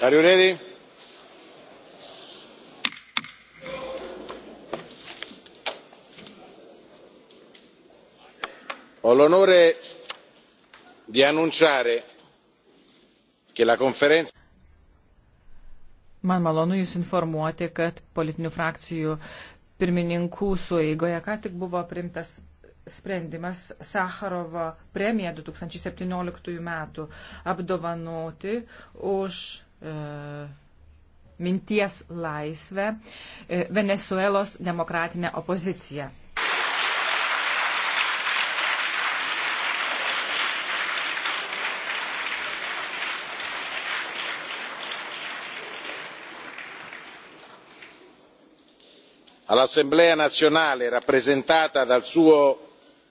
Are you ready? Ho l'onore di annunciare che la conferenza. Man malonu Jūs informuoti, kad politinių frakcijų pirmininkų sueigoje ką tik buvo primtas sprendimas Sakharovo premiją 2017 metų apdovanoti už E, minties laisvę, e, Venezuelos demokratinę opoziciją. all'assemblea nazionale rappresentata dal suo